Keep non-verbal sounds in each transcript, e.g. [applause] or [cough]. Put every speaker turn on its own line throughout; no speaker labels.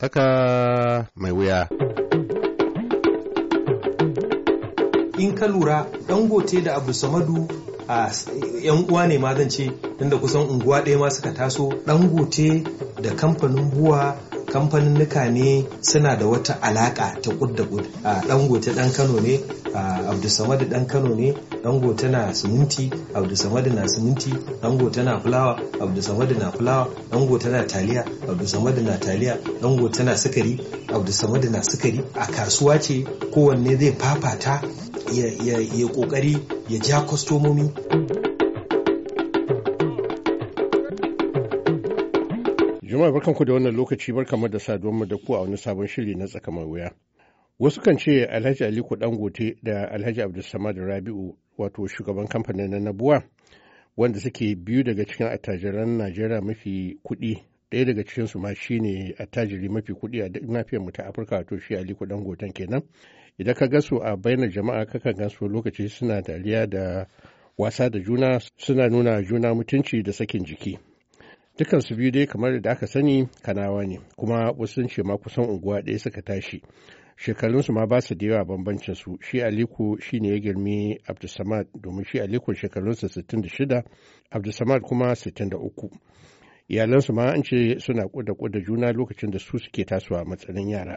tsaka mai wuya. In ka lura dangote da Abu Samadu a yan uwa ne ma zan ce tunda kusan unguwa ɗaya ma suka taso dangote da kamfanin buwa kamfanin nuka ne suna da wata alaka ta kud da kud a dangote dan Kano ne Ah, abdulsamadu dan kano ne dango tana siminti abdulsamadu na siminti dango tana fulawa abdulsamadu na fulawa dango tana taliya abdulsamadu na taliya dango tana sukari abdulsamadu na sukari a kasuwa ce kowanne zai fafata ya kokari ya ja kwastomomi
Jama'a barkanku da wannan lokaci barkanmu da saduwar da ku a wani sabon shiri na tsakamar wuya. Wasu kan ce Alhaji Aliko Dangote da Alhaji Abdulsamad Rabi'u wato shugaban kamfanin na Nabuwa wanda suke biyu daga cikin attajiran Najeriya mafi kuɗi ɗaya daga cikinsu ma shine attajiri mafi kuɗi a duk nafiyar mu ta Afirka wato shi Aliko Dangoten kenan idan ka gasu a bainar jama'a kakan su lokaci suna dariya da wasa da juna suna nuna juna mutunci da sakin jiki dukansu biyu dai kamar da aka sani kanawa ne kuma wasu sun ce ma kusan unguwa ɗaya suka tashi shekarunsu ma ba su da yawa bambancin su shi aliko shi ne ya girmi abdulsamad domin shi aliko shekarunsa 66 abdulsamad kuma 63 iyalansu ma an ce suna kuda kuda juna lokacin da su suke tasowa a matsayin yara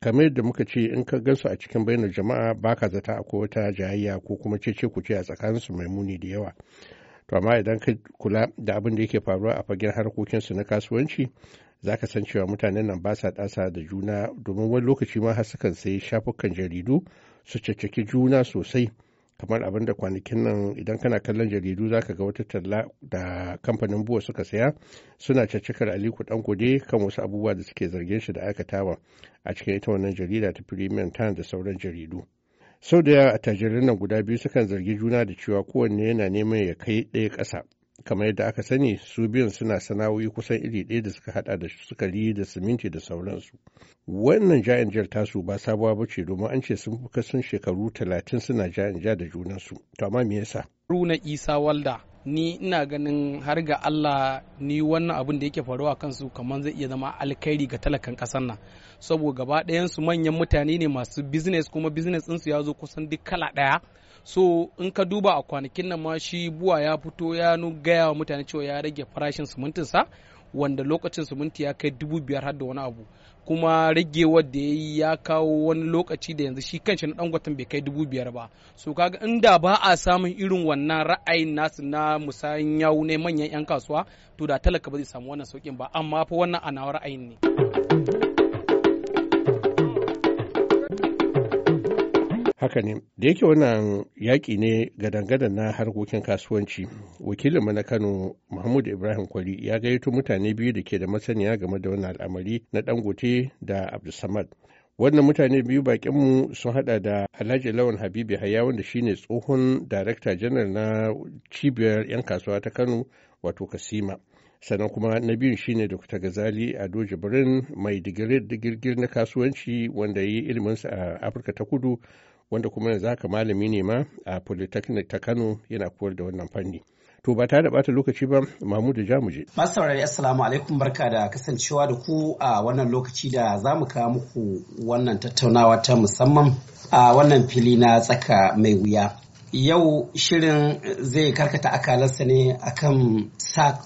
kamar yadda muka ce in ka gansu a cikin bayanan jama'a ba ka zata akwai wata jayayya ko kuma cece ku ce a tsakaninsu mai muni da yawa to amma idan ka kula da abin da yake faruwa a fagen harkokinsu na kasuwanci za ka san cewa mutanen nan ba sa ɗasa da juna domin wani lokaci ma har sukan sai shafukan jaridu su caccaki juna sosai kamar abin da kwanakin nan idan kana kallon jaridu za ka ga wata talla da kamfanin buwa suka saya suna caccakar aliku dan gode kan wasu abubuwa da suke zargin shi da aikatawa a cikin ita wannan jarida ta premium tan da sauran jaridu sau da yawa a tajirin nan guda biyu sukan zargi juna da cewa kowanne yana neman ya kai ɗaya ƙasa kamar yadda aka sani su biyun suna sana'o'i kusan iri ɗaya da suka hada da sukari da siminti da sauransu wannan ja'in jar tasu ba sabuwa ba ce domin an ce sun fi kasan shekaru talatin suna ja'in ja da junansu to amma me yasa
runa isa walda ni ina ganin har ga Allah ni wannan abun da yake faruwa kansu kamar zai iya zama alkhairi ga talakan kasan nan saboda gaba ɗayan su manyan mutane ne masu business kuma business ɗinsu ya zo kusan duk kala ɗaya so in ka duba a kwanakin nan ma shi buwa ya fito ya gaya wa mutane cewa ya rage farashin sa wanda lokacin siminti ya kai dubu biyar har da wani abu kuma rage da ya yi ya kawo wani lokaci da yanzu shi kanshi na dangwatan bai kai dubu biyar ba so kaga inda ba a samun irin wannan ra'ayin nasu na musayin yawu ne manyan yan kasuwa to da talaka ba zai samu wannan saukin ba amma fa wannan ana ra'ayin ne
Haka ne, da yake wannan yaƙi ne ga gadangadan na harkokin kasuwanci, wakilinmu na Kano Muhammadu Ibrahim Kwari ya gayyato mutane biyu da ke da masaniya game da wannan al'amari na Dangote da Abdulsamad. Wannan mutane biyu bakinmu sun hada da Alhaji Lawan Habibu Haya wanda shine tsohon Darakta Janar na Cibiyar 'Yan Kasuwa ta Kano wato Kasima. sannan kuma na biyun shine dr gazali ado jibrin mai digirin digirgir na kasuwanci wanda ya yi ilminsa a afirka ta kudu wanda kuma yanzu haka malami ne ma a polytechnic ta kano yana koyar da wannan fanni to ba ta da bata lokaci ba mahmudu jamuje
masu saurari assalamu alaikum barka da kasancewa da ku a wannan lokaci da za mu kawo muku wannan tattaunawa ta musamman a wannan fili na tsaka mai wuya yau shirin zai karkata akalarsa ne akan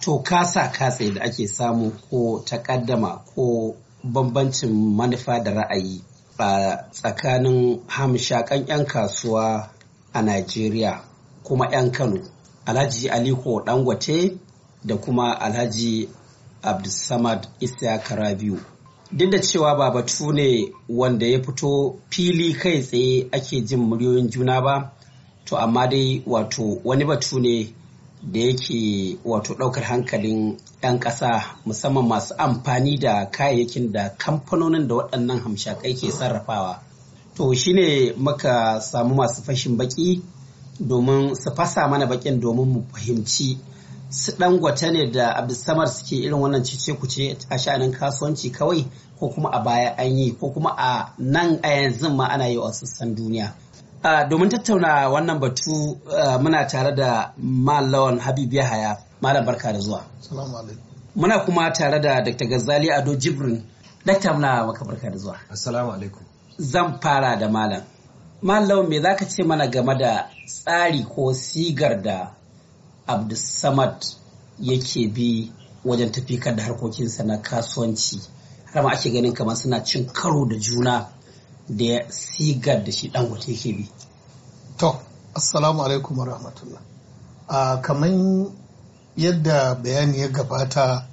toka sa katse da ake samu ko takaddama ko bambancin manufa da ra'ayi A tsakanin hamshakan 'yan kasuwa a Najeriya kuma 'yan Kano, Alhaji Aliko Dangote da kuma Alhaji Abdulsamad Isa Rabiu. Duk da cewa ba batu ne wanda ya fito fili kai tsaye ake jin muryoyin juna ba, to amma dai wato wani batu ne da yake wato ɗaukar hankalin 'yan ƙasa musamman masu amfani da kayayyakin da kamfanonin da waɗannan hamshakai ke sarrafawa. To shine muka samu masu fashin baki domin su fasa mana bakin domin mu fahimci su gwate ne da abisamar suke irin wannan cece kuce a sha'anin kasuwanci kawai ko kuma a baya an yi ko kuma a nan a yanzu ma ana yi a sassan duniya. Ah, domin tattauna wannan batu ah, muna tare da Malawan Habib Yahaya, Malam barka da zuwa. Muna kuma tare da Dr. gazali Ado Jibrin. Dakta muna maka barka da zuwa. Assalamu alaikum. Zan fara da Malam. Malam me za ka ce mana game da tsari ko sigar da Abdulsamad yake bi wajen tafikar da harkokinsa na kasuwanci har ma ake ganin kamar suna cin karo da juna da sigar da shi dan wata yake bi
to assalamu alaikum wa rahmatullah uh, kamar yadda bayani ya gabata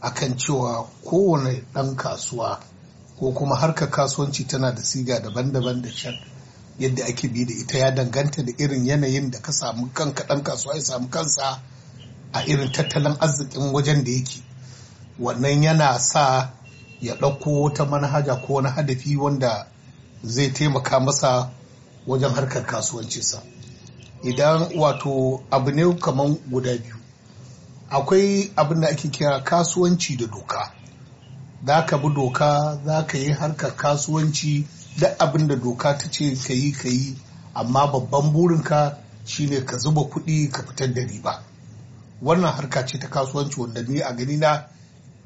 a kan cewa kowane ɗan kasuwa ko kuma harkar kasuwanci tana da siga daban-daban da shan yadda ake bi da ita ya danganta da irin yanayin da ka samu kanka ɗan kasuwa ya samu kansa a irin tattalin arzikin wajen da yake wannan yana sa ya ɗauko wata manhaja ko wani hadafi wanda zai taimaka masa wajen harkar kasuwancinsa idan wato abu ne kamar guda biyu akwai abin da ake kira kasuwanci da doka za ka bi doka za ka yi harkar kasuwanci da abin da doka ta ce ka yi ka yi amma babban burinka shine ka zuba kuɗi ka fitar da riba wannan harka ce ta kasuwanci wanda ni a gani na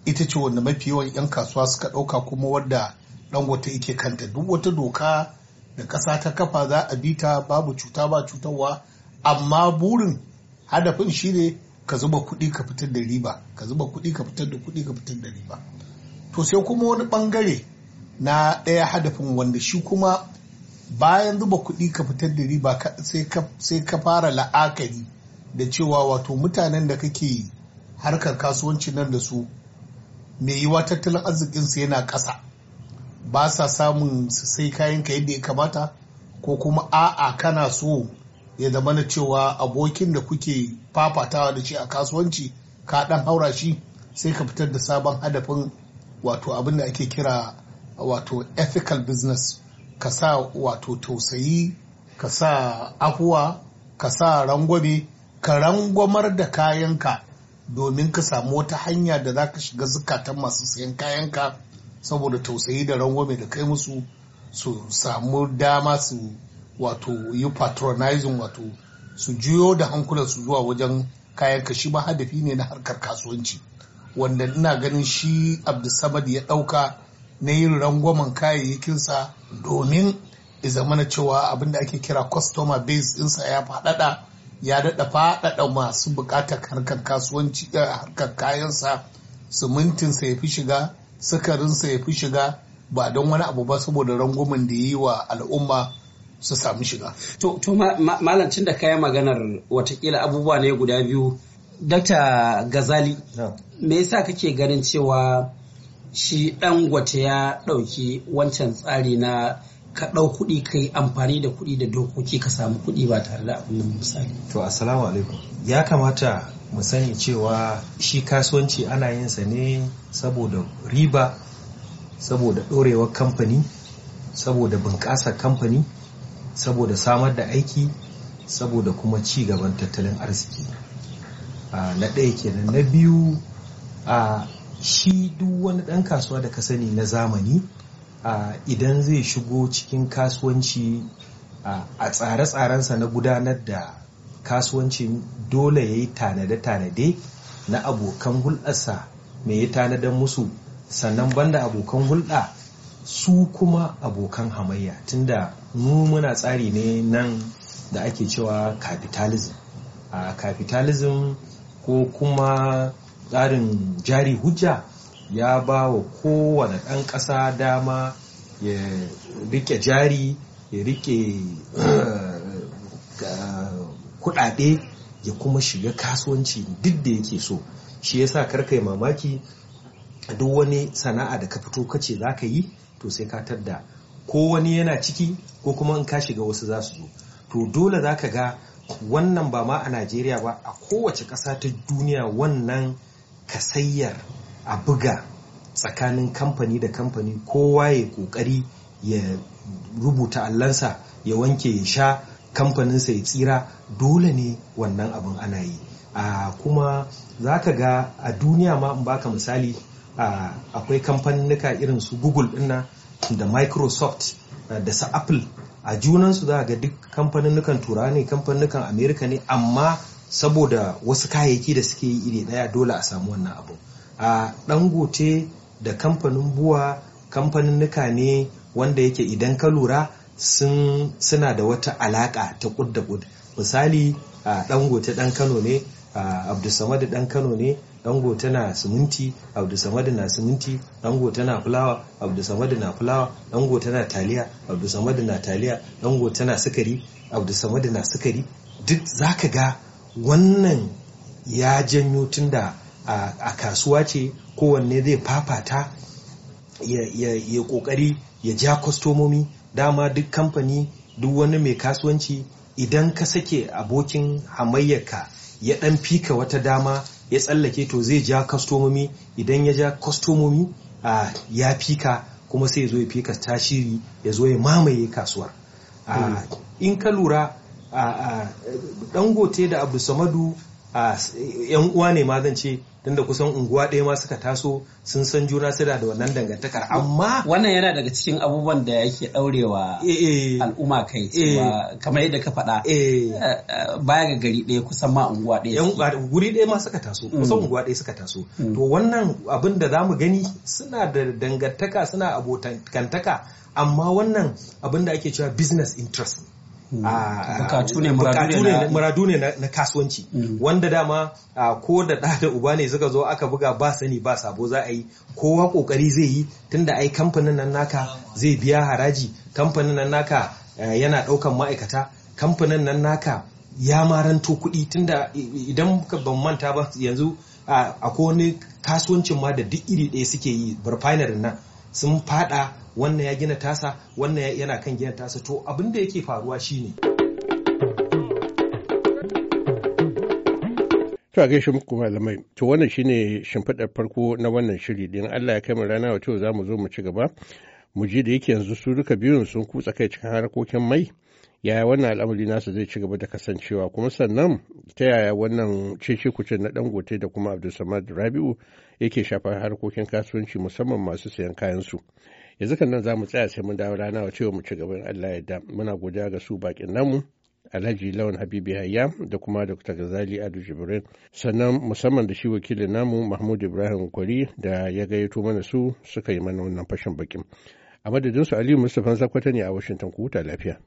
ita ce wanda mafi yawan 'yan kasuwa suka ɗauka kuma wadda wata yake kanta duk wata doka da ƙasa ta kafa za a bi ta babu cuta ba cutarwa amma burin hadafin shi ne ka zuba kuɗi ka fitar da riba ka zuba kuɗi ka fitar da kuɗi ka fitar da riba to sai kuma wani ɓangare na ɗaya hadafin wanda shi kuma bayan zuba kuɗi ka fitar da riba sai ka fara la'akari da cewa wato mutanen da kake harkar kasuwanci nan da su mai yiwa tattalin arzikinsu yana ƙasa ba sa samun su sai kayan ka yadda ya kamata ko kuma a'a kana so ya zama na cewa abokin da kuke fafatawa da shi a kasuwanci ka dan haura shi sai ka fitar da sabon hadafin wato abin da ake kira wato ethical business ka sa wato tausayi ka sa afuwa ka sa rangwame ka rangwamar da kayanka domin ka samu wata hanya da za ka shiga zukatan masu sayan kayanka saboda tausayi da rangwame da kai musu su samu dama su wato yi patronizing wato su juyo da su zuwa wajen kayan kashi ba hadafi ne na harkar kasuwanci wanda ina ganin shi abdulsamad ya ɗauka na yin rangwamen kayayyakinsa domin ya na cewa abinda ake kira customer base insa ya faɗaɗa ya daɗa faɗaɗa masu buƙatar harkar kasuwanci eh, harkar kayansa simintinsa ya fi shiga sukarinsa ya fi shiga ba don wani abu ba saboda rangwamen da yi wa al'umma su samu shiga. To,
to malancin da kayan maganar watakila abubuwa ne guda biyu. Dakta Gazali, me yasa kake ganin cewa shi ɗan gwate ya ɗauki wancan tsari na ka ɗau kuɗi ka amfani da kuɗi da dokoki ka samu
kuɗi ba tare da abin nan misali. To, assalamu alaikum. Ya kamata mu sani cewa shi kasuwanci ana yin sa ne saboda riba saboda ɗorewar kamfani saboda bunƙasar kamfani saboda samar da aiki saboda kuma ci gaban tattalin arziki na ɗaya kenan na biyu a shi duk wani ɗan kasuwa da ka sani na zamani idan zai shigo cikin kasuwanci a tsare-tsarensa na gudanar da kasuwanci dole ya yi tanade-tanade na abokan hulɗarsa mai ya tanadan musu sannan banda abokan hulɗa su kuma abokan hamayya tunda mu muna tsari ne nan da ake cewa capitalism a capitalism ko kuma tsarin jari hujja ya ba wa kowane ɗan ƙasa dama ya rike jari ya rike [clears throat] kuɗaɗe ya kuma shiga kasuwanci duk da yake so shi yasa kar yi mamaki duk wani sana'a da ka fito kace za ka yi to sai ka tadda ko wani yana ciki ko kuma in ka shiga wasu za su zo to dole za ka ga wannan ba ma a najeriya ba a kowace ƙasa ta duniya wannan kasayyar a buga tsakanin kamfani da kamfani kowa ya ƙoƙari ya rubuta allansa ya wanke ya sha kamfaninsa ya tsira dole ne wannan abin ana yi a kuma za ka ga a duniya ma in baka misali akwai kamfaninnika irin su google dinna da microsoft da su apple a junansu za ga duk kamfaninnukan tura ne kamfaninnukan america ne amma saboda wasu kayayyaki da suke yi iri daya dole a samu wannan abu a gote da kamfanin buwa kamfaninnuka ne wanda yake idan ka lura suna da wata alaka ta kud da kud misali dangote dan kano ne Samadu dan kano ne dangote na siminti Samadu na siminti dangote na fulawa Samadu na fulawa dangote na taliya Samadu na taliya dangote na sukari Samadu na sukari duk zaka ga wannan ya janyo tunda a kasuwa ce kowanne zai fafata ya kokari ya ja kwastomomi dama duk kamfani duk wani mai kasuwanci idan ka sake abokin hamayyarka ya dan fika wata dama ya tsallake to zai ja kwastomomi idan ya ja kwastomomi a ya fika kuma sai ya zo ya fika tashiri ya zo ya mamaye kasuwar hmm. in ka lura dangote da abu samadu yan uwa ne ma zan ce tunda kusan unguwa ɗaya ma suka taso sun san juna suna da wannan dangantakar amma wannan
yana daga cikin abubuwan da yake daurewa. Eh, eh. al'umma kai eh. kamar yadda ka faɗa
baya ga gari ɗaya kusan ma unguwa ɗaya guri ɗaya ma suka taso mm. kusan unguwa ɗaya suka taso mm. to wannan abin da za mu gani suna da dangantaka suna abotantaka amma wannan abin da ake cewa business interest Ah, mm. ah, muradu ne na kasuwanci mm. wanda dama ah, ko da ɗa da uba ne suka zo aka buga ba sani ba sabo za a yi kowa kokari zai yi tunda ai kamfanin nan naka zai biya haraji kamfanin nan naka eh, yana ɗaukan ma'aikata kamfanin nan naka ya maranto kuɗi tunda idan ban manta ba yanzu a wani kasuwancin ma da duk iri ɗaya suke yi burfinarin nan sun fada wannan ya gina tasa wannan yana kan gina tasa to abin da yake faruwa shine
To a gaishe muku malamai, to wannan shine shimfiɗar farko na wannan shiri din Allah ya kai mu rana wato za mu zo mu ci gaba. Mu ji da yake yanzu su duka biyun sun kutsa kai cikin harkokin mai, yaya wannan al'amari nasa zai ci gaba da kasancewa kuma sannan ta yaya wannan cece kuce na dangote da kuma Abdulsamad Rabi'u yake shafar harkokin kasuwanci musamman masu sayan kayan su. yanzu kan nan za mu tsaya sai mun dawo rana wa cewa mu ci gaban Allah ya da muna godiya ga su bakin namu Alhaji Lawan Habibi Hayya da kuma Dr. Gazali Adu Jibrin sannan musamman da shi wakilin namu Mahmud Ibrahim Kwari da ya gayyato mana su suka yi mana wannan fashin bakin. A madadin su Aliyu Mustapha Zakwata ne a Washington ku huta lafiya.